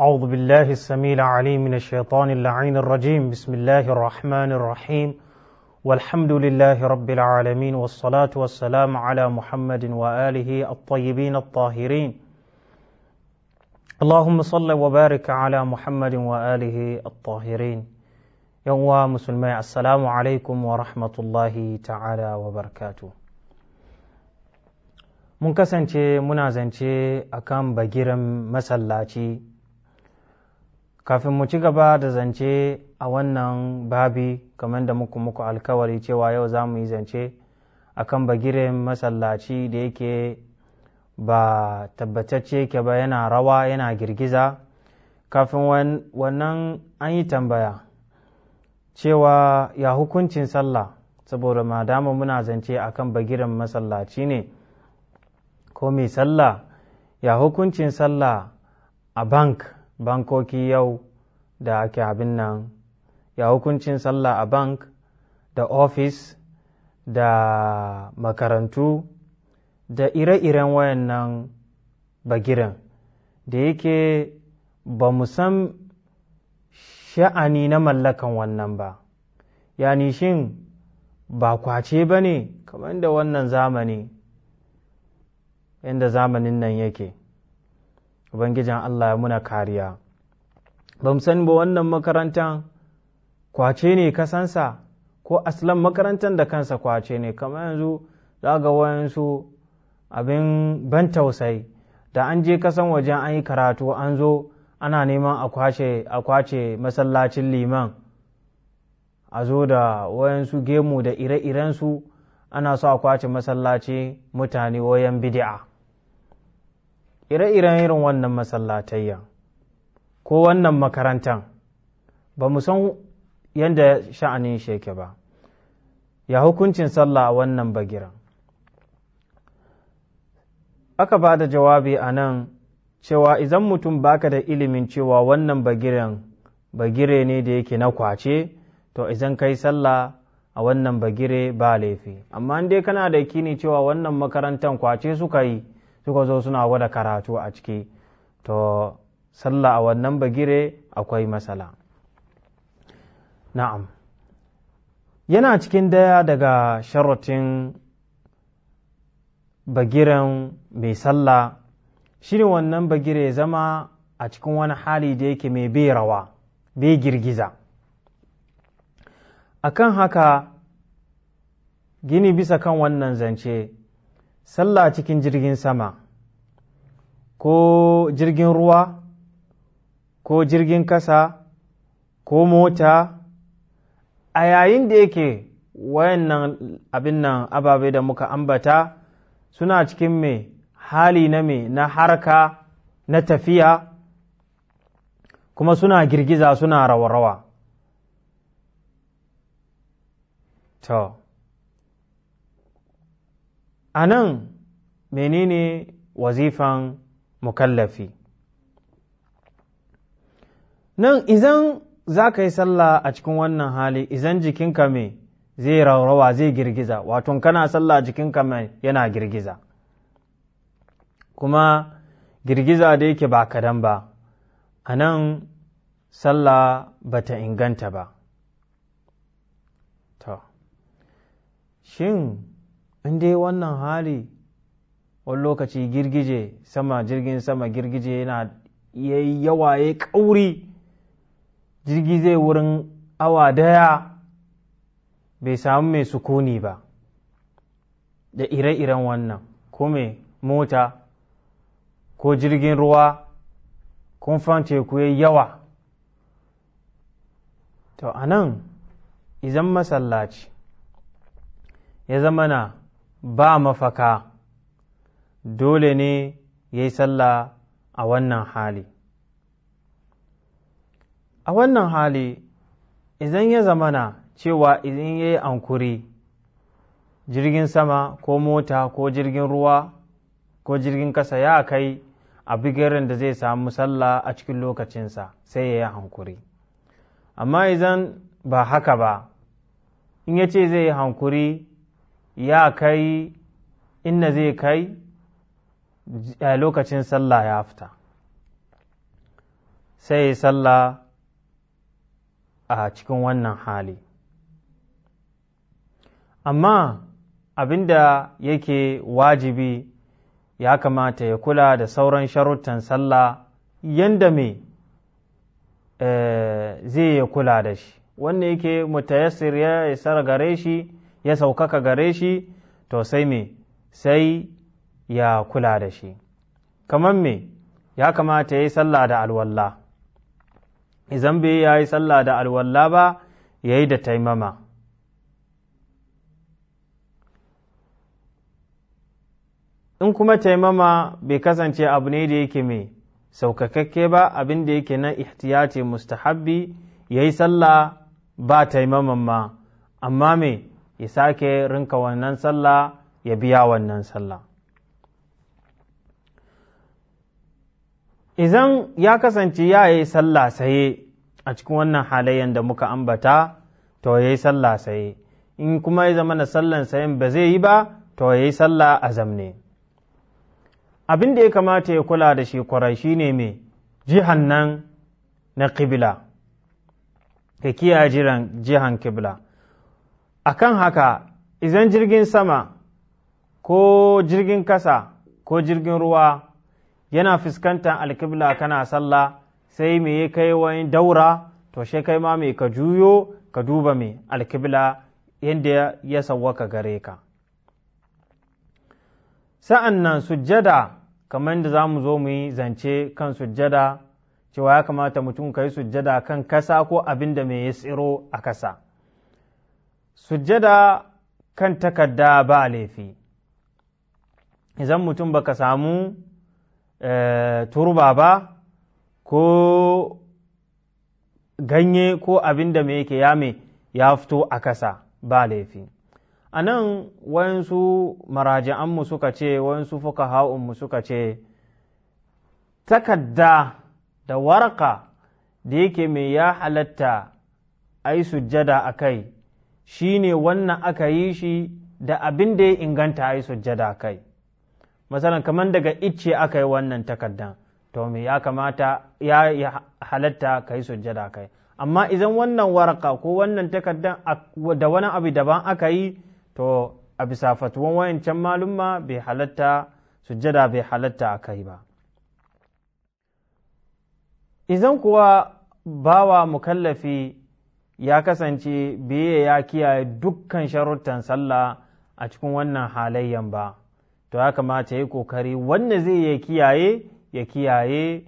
أعوذ بالله السميع العليم من الشيطان اللعين الرجيم بسم الله الرحمن الرحيم والحمد لله رب العالمين والصلاة والسلام على محمد وآله الطيبين الطاهرين اللهم صل وبارك على محمد وآله الطاهرين يوم مسلمي السلام عليكم ورحمة الله تعالى وبركاته من كسنتي منازنتي أكم بجرم مسلاتي kafin mu ci gaba da zance a wannan babi kamar da muku muku alkawari cewa yau za mu yi zance a kan bagiren masallaci da yake ba tabbatacce yake ba yana rawa yana girgiza kafin wannan an yi tambaya cewa ya hukuncin sallah saboda madama muna zance a kan bagiren masallaci ne ko mai sallah ya hukuncin sallah a bank bankoki yau da ake abin nan ya hukuncin sallah a bank da ofis da makarantu da ire-iren wayannan bagiren da yake ba mu san sha'ani na mallakan wannan ba yani shin ba kwace ba ne kamar da wannan zamani inda zamanin nan yake ubangijin Allah ya muna kariya ba mu sani ba wannan makarantan kwace ne kasansa ko aslan makarantar da kansa kwace ne kamar yanzu za ga wayansu abin ban tausayi da an je kasan wajen an yi karatu an zo ana neman a kwace masallacin liman a zo da wayansu gemu da ire-irensu ana so a kwace masallaci mutane wayan bid'a. ire-iren irin wannan masallatayya ko wannan makarantan ba mu san yadda sha'anin sheke ba ya hukuncin sallah a wannan bagira aka ba da jawabi a nan cewa idan mutum baka da ilimin cewa wannan bagiren bagire ne da yake na kwace to idan kai sallah a wannan bagire ba laifi amma dai kana da kini cewa wannan makarantan kwace suka yi suka zo suna gwada karatu a ciki to sallah a wannan bagire akwai masala na'am yana cikin daya daga sharatin bagiren mai sallah shirin wannan bagire zama a cikin wani hali da yake mai bai rawa bai girgiza akan haka gini bisa kan wannan zance sallah cikin jirgin sama ko jirgin ruwa ko jirgin kasa ko mota a yayin da yake wayannan abin nan ababe da muka ambata suna cikin mai hali na mai na harka na tafiya kuma suna girgiza suna rawa-rawa. a nan menene wazifan mukallafi nan izan za ka yi sallah a cikin wannan hali izan jikinka mai zai raurawa zai girgiza wato kana sallah jikinka mai yana girgiza kuma girgiza da yake ba kadan ba a nan sallah ba ta inganta ba shin in dai wannan hali wani lokaci girgije sama jirgin sama girgije yana yayi yawa ya kauri jirgi zai wurin awa daya bai samu mai sukuni ba da ire-iren wannan ko mai mota ko jirgin ruwa kumfan teku ya yawa to anan nan izan masallaci ya zama na ba mafaka dole ne ya yi sallah a wannan hali a wannan hali idan ya zamana cewa idan ya yi ankuri jirgin sama ko mota ko jirgin ruwa ko jirgin kasa ya kai a bigirin da zai samu sallah a cikin lokacinsa sai ya yi hankuri amma idan ba haka ba in ya ce zai yi hankuri ya kai inna zai kai lokacin sallah ya fita sai sallah a cikin wannan hali amma abinda yake wajibi ya kamata ya kula da sauran sharuttan sallah yanda me eh, zai ya kula da shi wannan yake mutayassir ya isar gare shi ya saukaka gare shi to sai me sai ya kula da shi kamar me ya kamata ya yi sallah da alwallah izan bai ya yi sallah da alwallah ba ya yi da taimama in kuma taimama bai kasance abu ne da yake mai saukakakke ba abin da yake na ihtiyati mustahabbi ya yi sallah ba taimaman ma amma mai ya sake rinka wannan sallah ya biya wannan sallah Izan ya kasance ya yi sallah saye a cikin wannan halayen da muka ambata to ya yi sallah saye in kuma ya zama na sallan sayen ba zai yi ba to ya yi sallah a zamne abin da ya kamata ya kula da shi kwarai shine mai jihan nan na kibla ka kiyaye jiran jihan kibla A kan haka idan jirgin sama ko jirgin kasa ko jirgin ruwa yana fuskantar alkibla kana sallah sai me ya kai wani daura to shi kai ma me ka juyo ka duba me alkibla yadda ya sawwaka gare ka sa'an nan sujjada kamar da za mu zo mu yi zance kan sujjada cewa ya kamata mutum ka yi sujjada kan kasa ko abin da mai ya tsiro a kasa sujjada kan takarda ba laifi idan mutum baka samu eh, turba ba ko ganye ko abin da mai yake yame ya fito a kasa ba laifi a nan wayansu maraji'anmu suka ce wayansu fuka ha'unmu suka ce takarda da waraka da yake mai ya halatta ai sujjada a kai shi ne wannan aka yi shi da abin da ya inganta a yi sujjada kai masalan kamar daga icce aka yi wannan takardan to me ya kamata ya halatta ka yi sujjada kai amma idan wannan waraka ko wannan takardan da wani abu daban aka yi to a bisa fatuwan wayancan malumma bai halatta sujjada bai halatta a kai ba idan kuwa bawa mukallafi ya kasance biye ya kiyaye dukkan sharuttan sallah a cikin wannan halayyan ba to ya kamata ya kokari wanda zai ya kiyaye ya kiyaye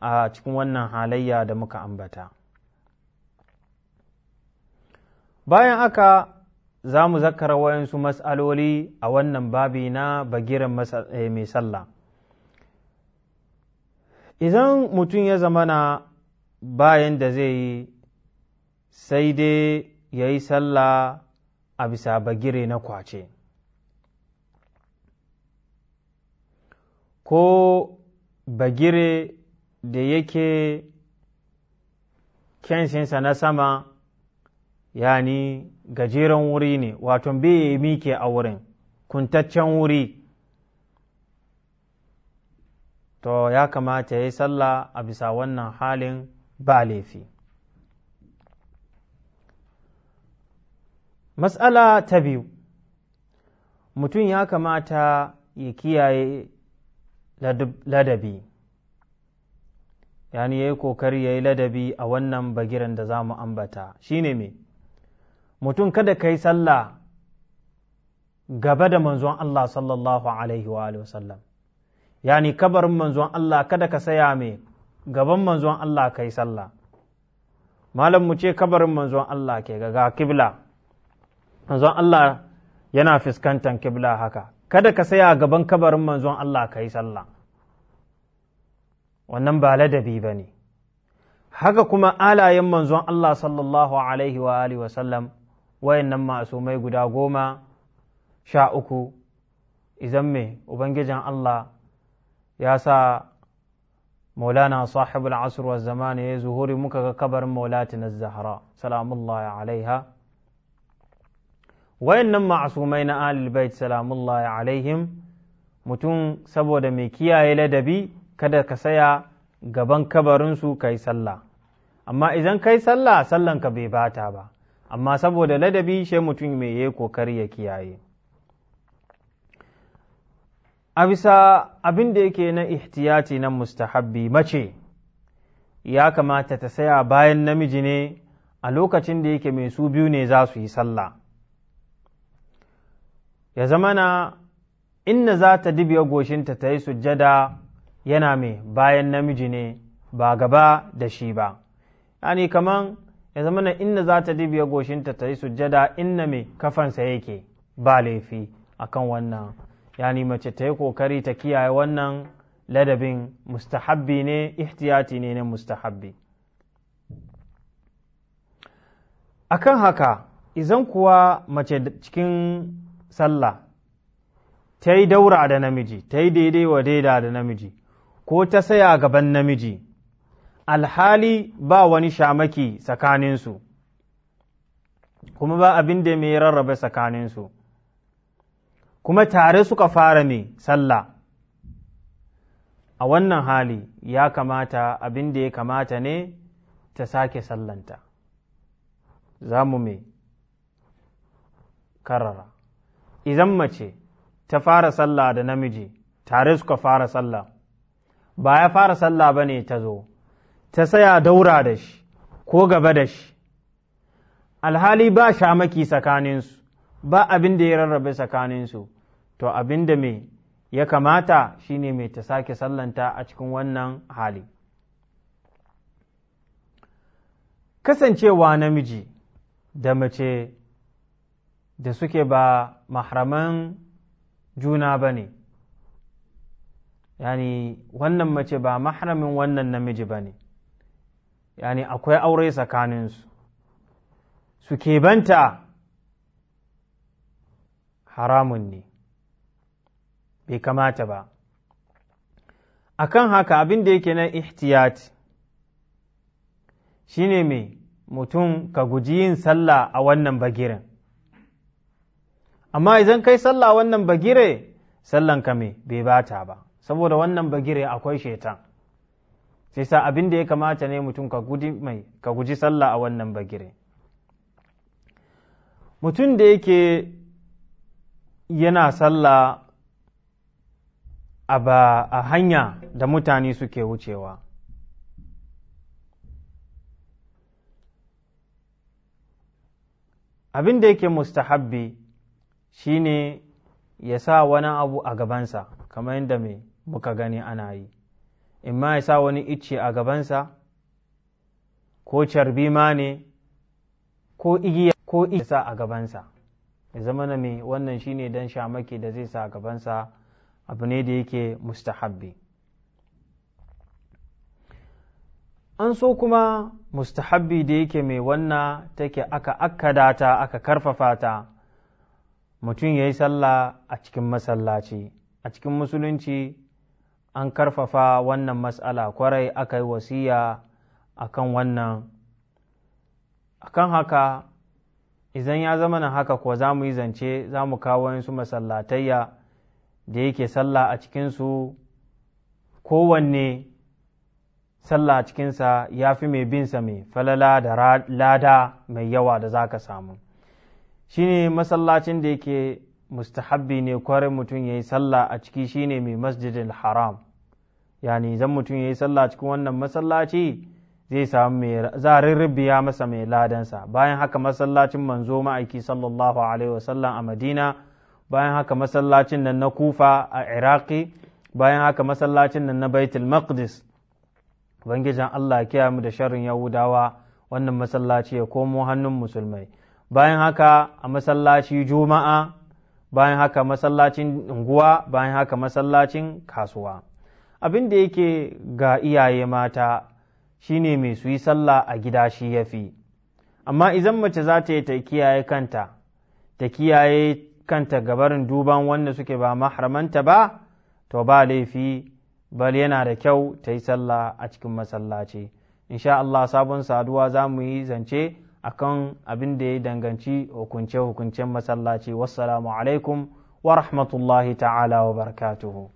a cikin wannan halayya da muka ambata bayan aka za mu zakara wayansu mas'aloli a wannan babi na bagiran eh, mai sallah idan mutum ya zamana bayan da zai yi sai dai ya yi sallah a bisa bagire na kwace ko bagire da yake kensinsa na sama yani gajeren wuri ne wato bai mike a wurin kuntaccen wuri to ya kamata ya yi sallah a bisa wannan halin ba laifi Matsala ta biyu, mutum ya kamata ya kiyaye ladabi, yani ya yi kokari ya yi ladabi a wannan bagiran da za mu ambata, shi ne me, mutum kada ka yi sallah gaba da manzon Allah sallallahu Alaihi wa sallam, yani kabarin manzon Allah kada ka saya mai gaban manzon Allah ka yi sallah, malam mu ce kabarin manzon Allah ke ga kibla. manzon Allah yana fuskantar kibla haka kada ka saya a gaban kabarin manzon Allah ka yi sallah wannan ba ladabi ba ne haka kuma alayen manzon Allah sallallahu alaihi wa alihi wayan nan masu masumai guda goma sha uku izan me ubangijin Allah ya sa maulana sahibul asr wa zamani ya zuhuri muka ga kabarin maulatin zahra salamullahi alaiha wayannan ma'asumai na ahlul bait salamullahi alaihim mutum saboda mai kiyaye ladabi kada ka saya gaban kabarinsu ka yi sallah amma idan ka yi sallah sallanka bai bata ba amma saboda ladabi shi mutum mai yi kokari ya kiyaye a bisa abin da yake na ihtiyati na mustahabbi mace ya kamata ta saya bayan namiji ne a lokacin da yake mai su biyu ne za su yi sallah ya zama na inna za ta dibiya goshinta ta yi sujjada yana mai bayan namiji ne ba gaba da shi ba yani kaman ya zama na inna za ta dibiya goshinta ta yi sujjada inna mai kafansa yake ba laifi a kan wannan yani mace ta yi kokari ta kiyaye wannan ladabin mustahabbi ne ihtiyati ne na mustahabbi akan haka izan kuwa mace cikin sallah ta yi daura da namiji ta yi daidai wa daida da namiji ko ta saya gaban namiji alhali ba wani shamaki tsakaninsu kuma ba abin da mai rarrabe tsakaninsu kuma tare suka fara mai sallah a wannan hali ya kamata abin da ya kamata ne ta sake sallanta za mu mai karara idan mace ta fara sallah da namiji tare suka fara sallah ba ya fara sallah ba ne ta zo ta saya daura da shi ko gaba da shi alhali ba shamaki tsakaninsu ba abin da ya rarrabe tsakaninsu to abin da mai ya kamata shi ne mai ta sake sallanta a cikin wannan hali kasancewa namiji da mace da suke ba mahraman juna ba ne yani wannan mace ba mahramin wannan namiji ba ne yani akwai aure tsakaninsu su banta haramun ne bai kamata ba akan haka abin da yake na Shi ne mai mutum ka guji yin sallah a wannan bagirin? amma idan kai sallah wannan bagire sallan ka me bai bata ba saboda wannan bagire akwai shetan sai sa abin da ya kamata ne mutum ka guji mai ka guji sallah a wannan bagire mutum da yake yana sallah a hanya da mutane suke wucewa abin da yake mustahabbi Shi ne ya sa wani abu a gabansa kamar yadda mai muka gani ana yi In ma ya sa wani icce a gabansa ko carbi ma ne ko igiya ko igiya sa a gabansa ya zama na mai wannan shi ne don shamaki da zai sa a gabansa abu ne da yake mustahabbi an so kuma mustahabbi da yake mai wannan take aka akkada ta aka karfafa ta mutum ya yi sallah a cikin masallaci a cikin musulunci an karfafa wannan mas'ala kwarai aka yi wasiya a kan wannan akan haka idan ya zama na haka kuwa za mu yi zance za mu kawo su masallatayya da yake sallah a cikinsu kowanne sallah a cikinsa ya fi mai binsa mai falala da lada mai yawa da za ka samu shine masallacin da yake mustahabbi ne kwarin mutum ya yi sallah a ciki shine mai masjidin haram yani zan mutum ya yi sallah cikin wannan masallaci zai samu mai zarirribiya masa mai ladansa bayan haka masallacin manzo ma'aiki sallallahu alaihi wasallam a madina bayan haka masallacin nan na kufa a iraki bayan haka masallacin nan na baitul maqdis ubangijin allah ya kiyamu da sharrin yahudawa wannan masallaci ya komo hannun musulmai bayan haka a masallaci juma'a bayan haka masallacin unguwa bayan haka masallacin kasuwa abin da yake ga iyaye mata shine mai su yi sallah a gida shi ya fi amma izan mace za ta yi ta kiyaye kanta ta kiyaye kanta gabarin duban wanda suke ba mahramanta ba to ba laifi bal yana da kyau ta yi sallah a cikin masallaci insha Allah sabon saduwa za mu yi zance akan abin da ya danganci hukunce-hukuncen masallaci wassalamu alaikum wa rahmatullahi ta'ala wa barakatuhu